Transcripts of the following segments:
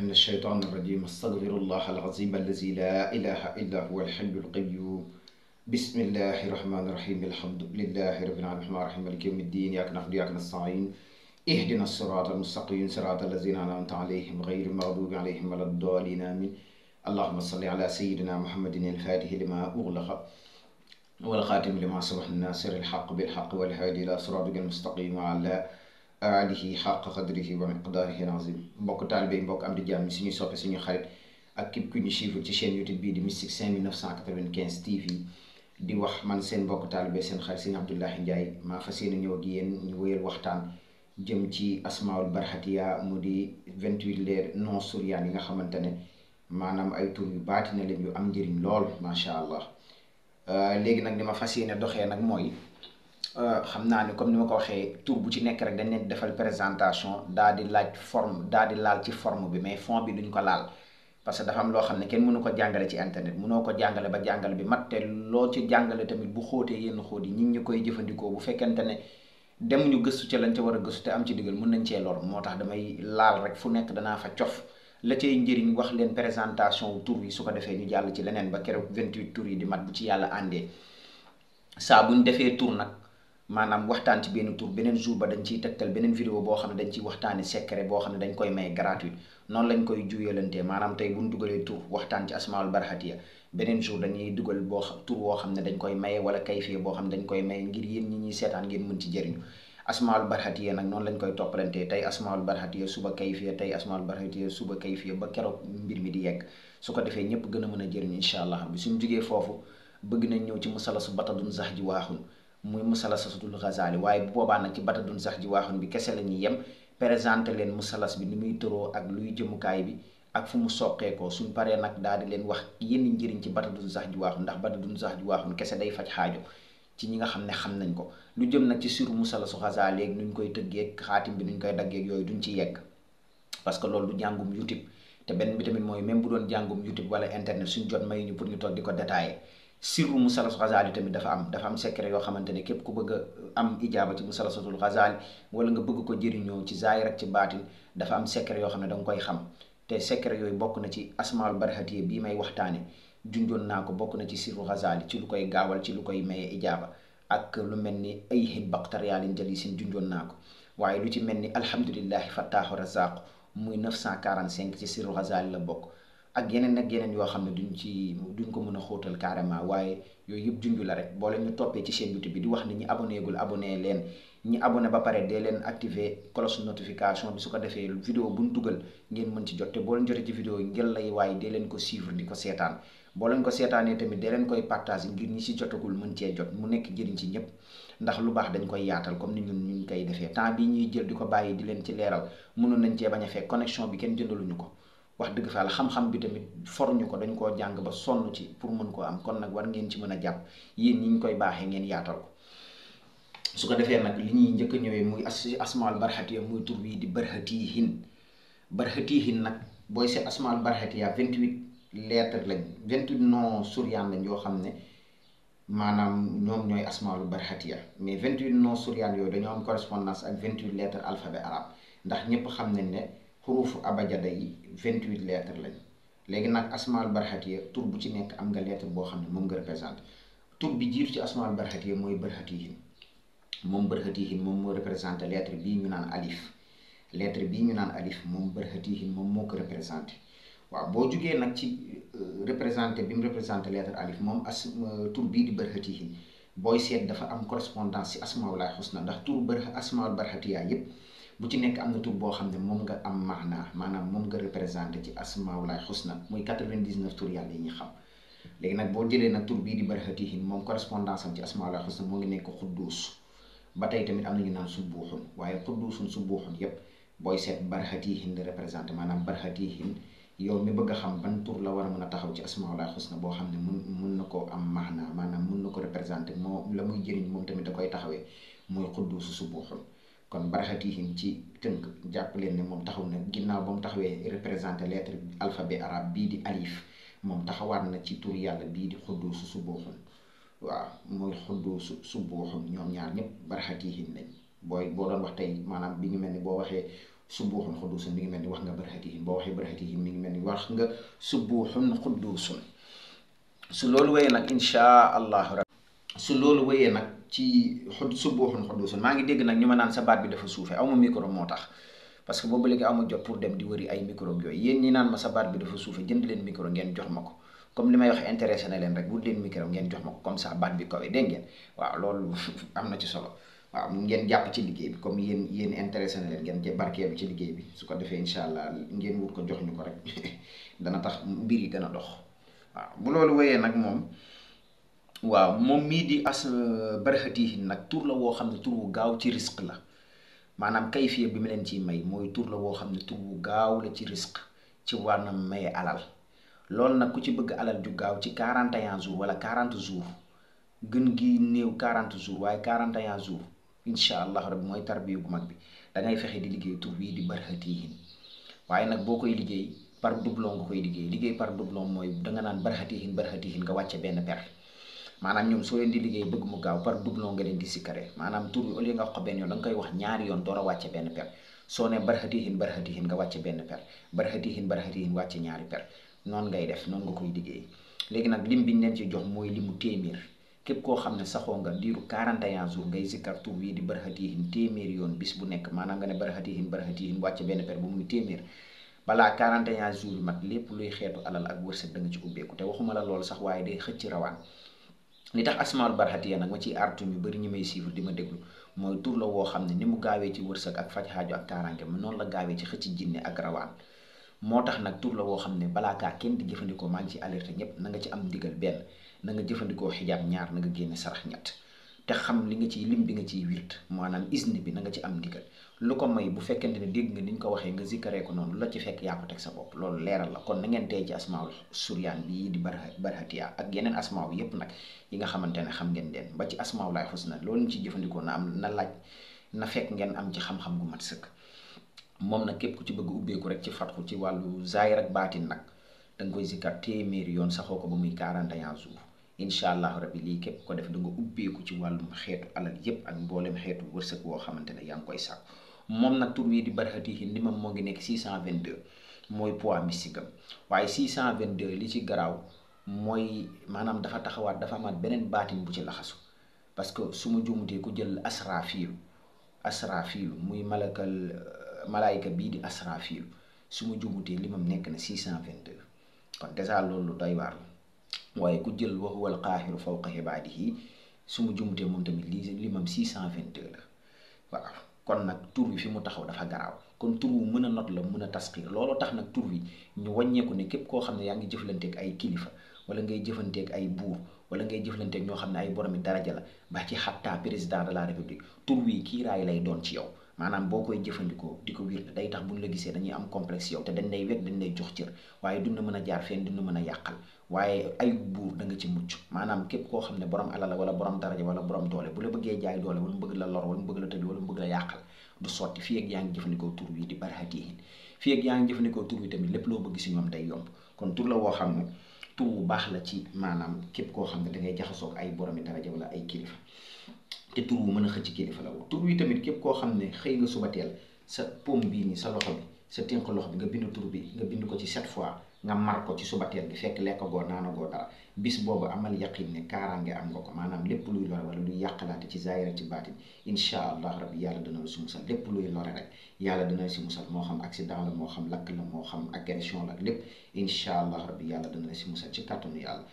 من الشيطان الرجيم استغفر الله العظيم الذي لا إله إلا هو الحي القيوم بسم الله الرحمن الرحيم الحمد لله رب العالمين الرحيم مالك يوم الدين إياك نعبد وإياك نستعين اهدنا الصراط المستقيم صراط الذين أنعمت عليهم غير المغضوب عليهم ولا الضالين آمين اللهم صل على سيدنا محمد الفاتح لما أغلق والخاتم لما صبح الناصر الحق بالحق والهادي إلى صراطك المستقيم وعلى aalihi xaqa xadrihi wa miqdaarihi al-azim mbokk taalibe yi mbokk am di jàmm suñuy soppe suñuy xarit ak képp ku ñu suivre ci chaîne YouTube bii di Mystique 5995 TV di wax man seen mbokk taalibe seen xarit sëñ Abdoulahi Ndiaye maa fas yéene ñëw ak yéen ñu wéyal waxtaan jëm ci asmaul barxatiya mu di 28 leer non suryaan yi nga xamante ne maanaam ay tur yu baati na leen yu am njëriñ lool macha allah léegi nag li ma fas yéene doxee nag mooy. Euh, xam naa ni comme ni ma ko waxee tour bu ci nekk rek dañ leen defal présentation daa di laaj forme daa di laal ci forme bi mais fond bi duñ ko laal parce que dafa am loo xam ne kenn mënu ko jàngale ci internet mënoo ko jàngale ba jàngale bi mat te loo ci jàngale tamit bu xóotee yenn xoot yi ñun ñu koy jëfandikoo bu fekkente ne dem ñu gëstu ca lañ ca war a gëstu te am ci digal mun nañ cee lool moo tax damay laal rek fu nekk danaa fa cof la cay njëriñ wax leen présentation tour yi su ko defee ñu jàll ci leneen ba keroog 28 tur yi di mat ci yàlla àndee saa buñ defee tur nag maanaam waxtaan ci benn tour beneen jour ba dañ ciy tegtal beneen vidéo boo xam ne dañ ciy waxtaani secret boo xam ne dañ koy may gratuit noonu lañ koy juyalantee maanaam tey bu ñu dugalee tour waxtaan ci asmaul barhatiya beneen jour dañuy dugal boo xam boo xam ne dañ koy maye wala kayfiya boo xam ne dañ koy maye ngir yéen ñi ñuy seetaan ngeen mën ci jëriñu asmaul barhatiya nag noonu lañ koy toppalantee tey asmaul barhatiya suba kayfiya tey asmaul barhatiya suba kayfiya ba keroog mbir mi di yegg su ko defee ñëpp gën a mën a jëriñu incha allah bi suñ jugee foofu bëgg nañ ñëw ci musalasu batadun zax ji waaxun muy musalas asatul Ghazali waaye bu boobaa nag ci batadun sax ji waaxoon bi kese la ñuy yem présenté leen musalas bi ni muy tëroo ak luy jëmukaay bi ak fu mu soqee ko suñ paree nag daal di leen wax yenn njëriñ ci batadun sax ji waaxoon ndax batadun sax ji waaxoon kese day faj xaajo ci ñi nga xam ne xam nañ ko lu jëm nag ci siru musalasu Ghazali ak ñu koy tëggee xaatim bi nu ñu koy daggee yooyu duñ ci yegg parce que loolu du jàngum YouTube te benn bi tamit mooy même bu doon jàngum YouTube wala internet suñ jot may ñu pour ñu toog di ko détailler sirru musallas Ghazali tamit dafa am dafa am secret yoo xamante ne képp ku bëgg a am ijaaba ci musallasatul Ghazali wala nga bëgg ko jëriñoo ci zaahir ak ci baatin dafa am secret yoo xam ne danga koy xam te secret yooyu bokk na ci asmaal barhatiye bii may waxtaane junjoon naa ko bokk na ci sirru Ghazali ci lu koy gaawal ci lu koy maye ijaaba ak lu mel ni ay xin bactérialin jalisin junjoon naa ko waaye lu ci mel ni alhamdulillahi fattaahu razaqu muy 945 ci sirru Ghazali la bokk ak yeneen ak yeneen yoo xam ne duñ ci duñ ko mën a xóotal carrément waaye yooyu yëpp junj la rek boo leen ñu toppee ci chaîne YouTube bi di wax ne ñi abonné gul leen ñi abonné ba pare dee leen activer cloche notification bi su ko defee vidéo buñ dugal ngeen mën ci jot te boo leen jotee ci vidéo yi ngeen lay waaye dee ko suivre di ko seetaan boo leen ko seetaanee tamit dee leen koy partager ngir ñi ci jotagul mën cee jot mu nekk njëriñ ci ñëpp ndax lu baax dañ koy yaatal comme ni ñun ñu ngi koy defee temps bi ñuy jël di ko bàyyi di leen ci leeral mënoon nañ cee bañ a fekk connexion bi kenn jëndaluñu ko wax dëgg fa la xam-xam bi tamit forñu ko dañ koo jàng ba sonn ci pour mën koo am kon nag war ngeen ci mën a jàpp yéen ñi ñu koy baaxee ngeen yaatal ko su ko defee nag li ñuy njëkk a ñëwee muy asmaal barxatiya muy tur bi di barxatiihin barxatiihin nag booy seet asmaal barxatiya 28 lettres lañ 28 noms suryaan lañ yoo xam ne maanaam ñoom ñooy asmaul barxatiya mais 28 noms suryaan yooyu dañoo am correspondance ak 28 lettres alphabet arabe ndax ñëpp xam nañ ne. xurufu abajada yi vingt huit lettres lañu léegi nag asmaal barxatiya tur bu ci nekk am nga lettre boo xam ne moom nga représenté tur bi jiitu ci asmaal barxatiya mooy barxatihin moom barxatihin moom moo représenté lettre bii ñu naan alif bii ñu naan alif moom barxatihin moom moo ko représenté waaw boo jugee nag ci euh, représenté bi mu représenté lettre alif moom as euh, tur bii di barxatihin booy seet dafa am correspondance ci asmaulaay xusna ndax tur bër asmaal barxatiya yépp bu ci nekk am na tur boo xam ne moom nga am maanaa maanaam moom nga représenté ci asmaawulaay xusna muy 99 tur yàlla yi ñu xam léegi nag boo jëlee nag tur bii di barxatihin moom correspondance am ci asmaawulaay xusna moo ngi nekk xudduus ba tey tamit am na ñu naan subbuuxun waaye xudduusun subbuuxun yépp booy seet barxatihin di représenté maanaam barxatihin yow mi bëgg a xam ban tur la war a mën a taxaw ci asmaawulaay xusna boo xam ne mun mun na koo am maanaa maanaam mun na ko représenté moo la muy jëriñ moom tamit da koy taxawee muy xudduusu subbuuxun kon baraxatiihim ci tënk jàpp leen ne moom taxaw na ginnaaw ba mu taxawee représenté lettre alphabet arabe bii di alif moom taxawaat na ci tuur yàlla bii di xudduusu su booxum waaw muy xudduusu su booxum ñoom ñaar ñëpp baraxatiihim lañ booy boo doon wax tey maanaam bi ngi mel ni boo waxee subuuxun xudduusun mi ngi mel ni wax nga baraxatiihim boo waxee baraxatiihim mi ngi mel ni wax nga subuuxun xudduusun su loolu wéyee nag inchaa allah su loolu wëyee nag ci xud subuuxun xuduusun maa ngi dégg nag ñu ma naan sa baat bi dafa suufe aw ma moo tax parce que boobu léegi aw ma jot pour dem di wëri ay micro yooyu yéen ñi naan ma sa baat bi dafa suufe jënd leen micro ngeen jox ma ko comme li may wax intéressé na leen rek wut leen micro ngeen jox ma ko comme ça baat bi kawe dégg ngeen waaw loolu am na ci solo waaw ngeen jàpp ci liggéey bi comme yéen yéen intéressé na leen ngeen ci barkeelu ci liggéey bi su ko defee incha allah ngeen wut ko jox ñu ko rek dana tax mbir yi gën a dox waaw bu loolu wëyee nag moom waaw moom mii di as euh, barxatihin nag tur la woo xam ne tur wu gaaw ci risque la maanaam kayfiya bi mu leen ciy may mooy tur la woo xam ne tur wu gaaw la ci risque ci wàllum maye alal loolu nag ku ci bëgg alal ju gaaw ci 41 jours wala 40 jours gën gi néew 40 jours waaye 41 jours incha allah rabbi mooy tarbiya bu mag bi da ngay fexe di liggéey tur bii di barxatihin waaye nag boo koy liggéey par doublon nga koy liggéey liggéey par doublon mooy danga naan barxatihin barxatihin nga wàcce benn per. maanaam ñoom soo leen di liggéey bëgg mu gaaw par doublon nga leen di sikkare maanaam tur bi au nga wax ko yoon da koy a wàcce benn per soo ne barxatihin nga wàcce benn per barxatihin per noonu ngay def noonu liggéey léegi nag lim biñ leen ci jox mooy limu téeméer képp koo xam ne saxoo nga diiru 41 jours ngay zikkar tur bii di barxatihin téeméer yoon bis bu nekk maanaam nga ne barxatihin barxatihin wàcce benn per bu muy téeméer lépp luy xeetu alal ak wërsëg da te waxuma la loolu sax waaye day xëcc rawaan li tax asmaul barxatiya nag ma ciy artu ñu bari ñu may suivre di ma déglu mooy tur la woo xam ne ni mu gaawee ci wërsëg ak faj xaaju ak taaraange ma noonu la gaawee ci xëcc jinne ak rawaan moo tax nag tur woo xam ne balaa kaa kenn di jëfandikoo maa ngi ci alerte ñëpp na nga ci am ndigal benn na nga jëfandikoo xijaab ñaar na nga génne sarax ñett te xam li nga ciy lim bi nga ciy wirt maanaam isni bi na nga ci am ndigal lu ko may bu fekkente ne dégg nga ni ñu ko waxee nga zikkaree ko noonu la ci fekk yaa ko teg sa bopp loolu leeral la kon na ngeen tey ci asmaawul suryaan bii di barha ak yeneen asmaaw yépp nag yi nga xamante ne xam ngeen leen ba ci asmaaw laay xus na loolu ñu ci jëfandikoo na am na laaj na fekk ngeen am ci xam-xam gu mat sëkk moom nag képp ku ci bëgg ubbeeku rek ci fatxu ci wàllu zaahir ak baatin nag da nga koy zikkar téeméeri yoon saxoo ko ba muy 41 jours incha allahu rabbi lii képp ko def da nga ubbeeku ci wàllum xeetu alal yépp ak mboolem xeetu wërsëg woo xamante ne yaa ngi koy sàkku moom nag tur bii di barxatihi ni ma moo ngi nekk 622 mooy poids mystique am waaye 622 li ci garaaw mooy maanaam dafa taxawaat dafa amaat beneen baatin bu ci laxasu parce que su ma juumutee ku jël asrafilu asrafilu muy malakal euh, malaayka bii di asrafilu su ma juumutee limam nekk na 622 kon dèjà loolu doy waar waaye ku jël wa huwa alqaahiru fawqa ibaadihi su mu jumtee moom tamit lii li mam 622 la waaw kon nag tur wi fi mu taxaw dafa garaaw kon tur wu mën a not la mën a tasxiir looloo tax nag tur wi ñu wàññeeku ne képp koo xam ne yaa ngi jëflanteek ay kilifa wala ngay jëfanteeg ay buur wala ngay jëflanteeg ñoo xam ne ay boromi daraja la ba ci xattaa président de la république tur wi kiiraay lay doon ci yow maanaam boo koy jëfandikoo di ko wird day tax bu ñu la gisee dañuy am complexe yow te dañ lay wekk dañ lay jox cër waaye duñ na mën a jaar fenn duñ la mën a yàqal waaye ay buur da nga ci mucc maanaam képp koo xam ne borom alal wala borom daraja wala borom doole la bëggee jaay doole wala mu bëgg la lor wala mu bëgg la tëj wala yaa ngi jëfandikoo tur wi di barhatihin fii ak yaa ngi jëfandikoo tur wi lépp loo bëgg si ñoom day yomb kon tur la woo xam ne bu baax la ci maanaam képp koo xam ne da ngay jaxasoog ay boromi daraja wala ay kilifa te tour bu mën xëc ci kilifa la tour wi tamit képp ko xam xey nga suba teel sa pom bi ni sa loxo bi sa tink lox bi nga bind tour bi nga bind ko ci 7 fois nga mar ko ci suba teel bi fekk lek go nana go dara bis bobu amal yaqin ne karange am nga ko manam lepp luy lor wala luy yàqalaate ci zaahira ci batin incha allah rabbi yalla dana la si musal lépp luy lor rek yalla dana ci musal mo xam accident la mo xam lak la mo xam agression la lepp incha allah rabbi yalla dana ci musal ci kàttanu yalla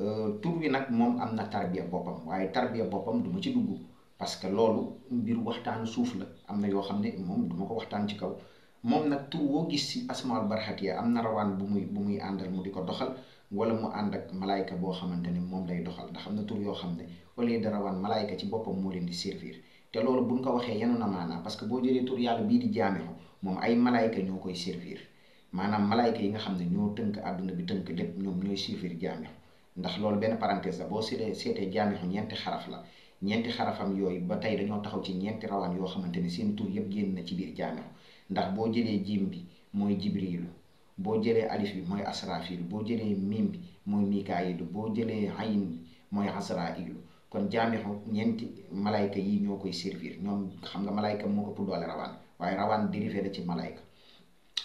Eh, tur wi nak mom amna tarbiya bopam waye tarbiya bopam du ma ci dugg parce que lolu mbir waxtan souf la mom yo xamne mom ne du ma ko waxtaan ci kaw mom nak tur wo gis ci asmaul barxatiya am na bu muy bu muy andal mu diko doxal wala mu and ak malaika bo xamanteni mom lay doxal da xamna tur yoo xam au lieu de rawan malaika ci bopam mo len di servir te lolu buñ ko waxee yanuna mana parce que bo jëlee tur yalla bi di jaamexu mom ay malaika ñokoy servir manam malaika yi nga xamne ne ñoo tënk àdduna bi teunk lepp ñom ñoy servir ndax loolu benn parenthèse la boo seetee seetee jaamixu ñeenti xaraf la ñeenti xarafam yooyu ba tey dañoo taxaw ci ñeenti rawaan yoo xamante ni seen tur yëpp génn na ci biir jaamixu ndax boo jëlee jiim bi mooy jibriilu boo jëlee alif bi mooy asrafilu boo jëlee miim bi mooy mikaayilu boo jëlee ayin bi mooy asrailu kon jaamixu ñeenti malayka yi ñoo koy servir ñoom xam nga malayka moo ëpp doole rawaan waaye rawaan dérivé la ci malayka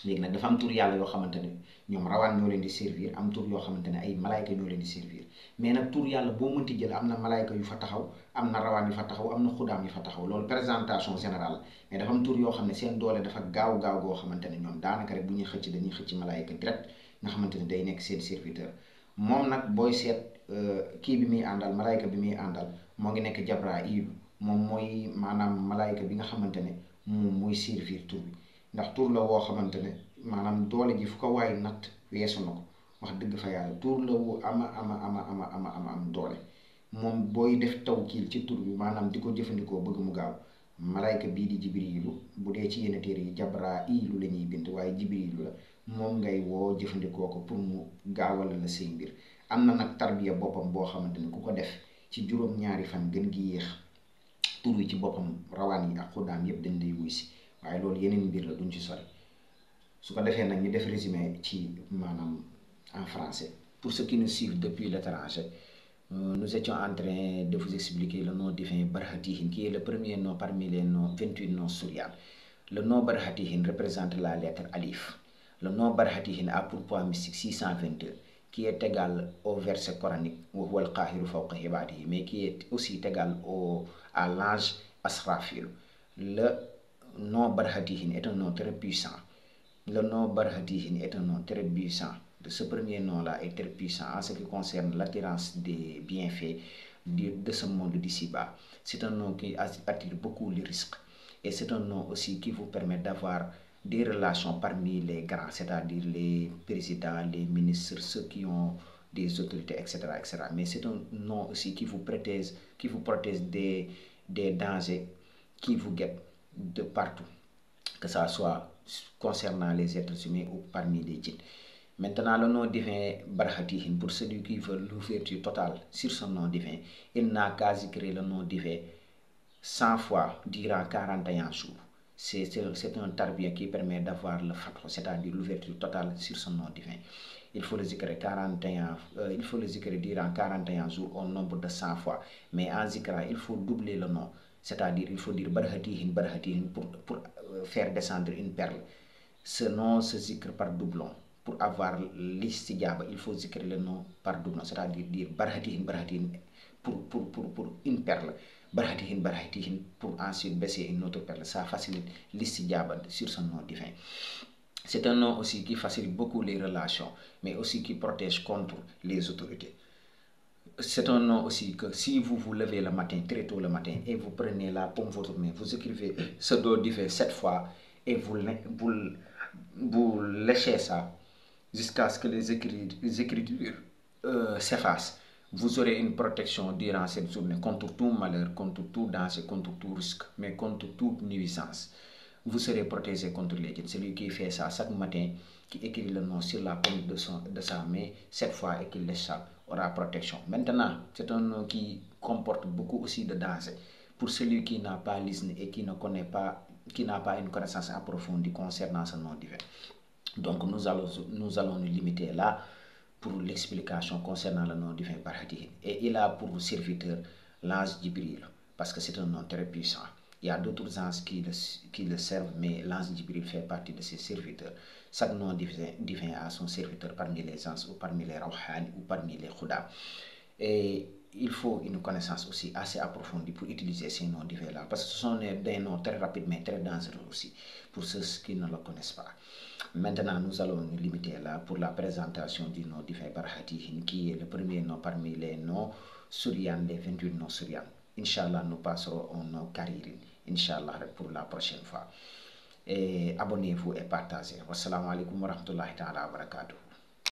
léegi nag dafa am tur yàlla yoo xamante ne ñoom rawaan ñoo leen di servir am tur yoo xamante ne ay malaayka ñoo leen di servir mais nag tur yàlla boo mënti jël am na malaayka yu fa taxaw am na rawaan yu fa taxaw am na xudaam yu fa taxaw loolu présentation générale mais dafa am tur yoo xam ne seen doole dafa gaaw gaaw goo xamante ne ñoom daanaka rek bu ñuy xëcc dañuy xëcc malaayka direct nga xamante ne day nekk seen serviteur moom nag booy seet euh, kii bi muy àndal malaayka bi muy àndal moo ngi nekk Jabraayil moom mooy maanaam malaayka bi nga xamante ne moom mooy servir tur ndax tur la woo xamante ne maanaam doole ji fu ko waay natt weesu na ko wax dëgg fa yàlla tuur la wu ama ama ama ama ama ama am doole moom booy def tau ci tur bi maanaam di ko jëfandikoo bëgg mu gaaw malayka bii di jibriilu bu dee ci yenn téere yi jabraa iilu la ñuy bind waaye jibriilu la moom ngay woo jëfandikoo ko pour mu gaawal la say mbir am na nag tarbiya boppam boo xamante ne ku ko def ci juróom-ñaari fan gën gi yéex tur wi ci boppam rawaan yi ak xuddaam yëpp dañ lay wuy si waaye loolu yeneen mbir la duñ ci sori su ko defee nag def résumé ci en français pour ceux qui nous suivent depuis l'étranger euh, nous étions en train de vous expliquer le nom divin Barhatihin qui est le premier nom parmi les noms 28 noms souriants le nom Barhatihin représente la lettre Alif le nom Barhatihin a pour poids mystique 622 qui est égal au verset coranique mais qui est aussi égal au à l'âge Asrafil nom Barhadihin est un nom très puissant. Le nom Barhadihin est un nom très puissant. Ce premier nom-là est très puissant en ce qui concerne l'attirance des bienfaits de, ce monde d'ici-bas. C'est un nom qui attire beaucoup les risques et c'est un nom aussi qui vous permet d'avoir des relations parmi les grands, c'est-à-dire les présidents, les ministres, ceux qui ont des autorités, etc. etc. Mais c'est un nom aussi qui vous protège, qui vous protège des, des dangers qui vous guettent de partout, que ça soit concernant les êtres humains ou parmi les djinns. Maintenant, le nom divin Barhatihin, pour celui qui veut l'ouverture totale sur son nom divin, il n'a qu'à zikrer le nom divin 100 fois durant 41 jours. C'est un tarbiya qui permet d'avoir le fatwa, c'est-à-dire l'ouverture totale sur son nom divin. Il faut le zikrer, 41, euh, il faut le zikrer durant 41 jours au nombre de 100 fois. Mais en zikra, il faut doubler le nom c'est-à-dire il faut dire barhatihin barhatihin pour, pour euh, faire descendre une perle. Ce nom se zikr par doublon. Pour avoir l'istijaba, il faut zikr le nom par doublon, c'est-à-dire dire barhatihin barhatihin pour, pour, pour, une perle, barhatihin barhatihin pour ensuite baisser une autre perle. Ça facilite l'istijaba sur son nom divin. C'est un nom aussi qui facilite beaucoup les relations, mais aussi qui protège contre les autorités c'est un nom aussi que si vous vous levez le matin, très tôt le matin, et vous prenez la de votre main, vous écrivez ce dos d'hiver sept fois, et vous, vous, léchez ça jusqu'à ce que les, écritures euh, s'effacent. Vous aurez une protection durant cette journée contre tout malheur, contre tout danger, contre tout risque, mais contre toute nuisance. Vous serez protégé contre les Celui qui fait ça chaque matin, qui écrit le nom sur la pomme de, son, de sa main, cette fois et qui lèche ça, protection. Maintenant, c'est un nom qui comporte beaucoup aussi de danse. pour celui qui n'a pas l'isne et qui ne connaît pas, qui n'a pas une connaissance approfondie concernant ce nom divin. Donc nous allons, nous allons nous limiter là pour l'explication concernant le nom divin paradis. Et il a pour serviteur l'ange Djibril, parce que c'est un nom très puissant. Il y a d'autres anges qui le, servent, mais l'ange Djibril fait partie de ses serviteurs chaque nom divin, a son serviteur parmi les anges ou parmi les rohan ou parmi les khuda. Et il faut une connaissance aussi assez approfondie pour utiliser ces noms divins-là, parce que ce sont des noms très rapides mais très dangereux aussi pour ceux qui ne le connaissent pas. Maintenant, nous allons nous limiter là pour la présentation du nom divin Barhatihin, qui est le premier nom parmi les noms souriants, les 28 noms souriants. Inch'Allah, nous passerons au nom Inch'Allah, pour la prochaine fois et eh, abonnez-vous et partagez. Wassalamu alaikum wa rahmatullahi wa barakatuh.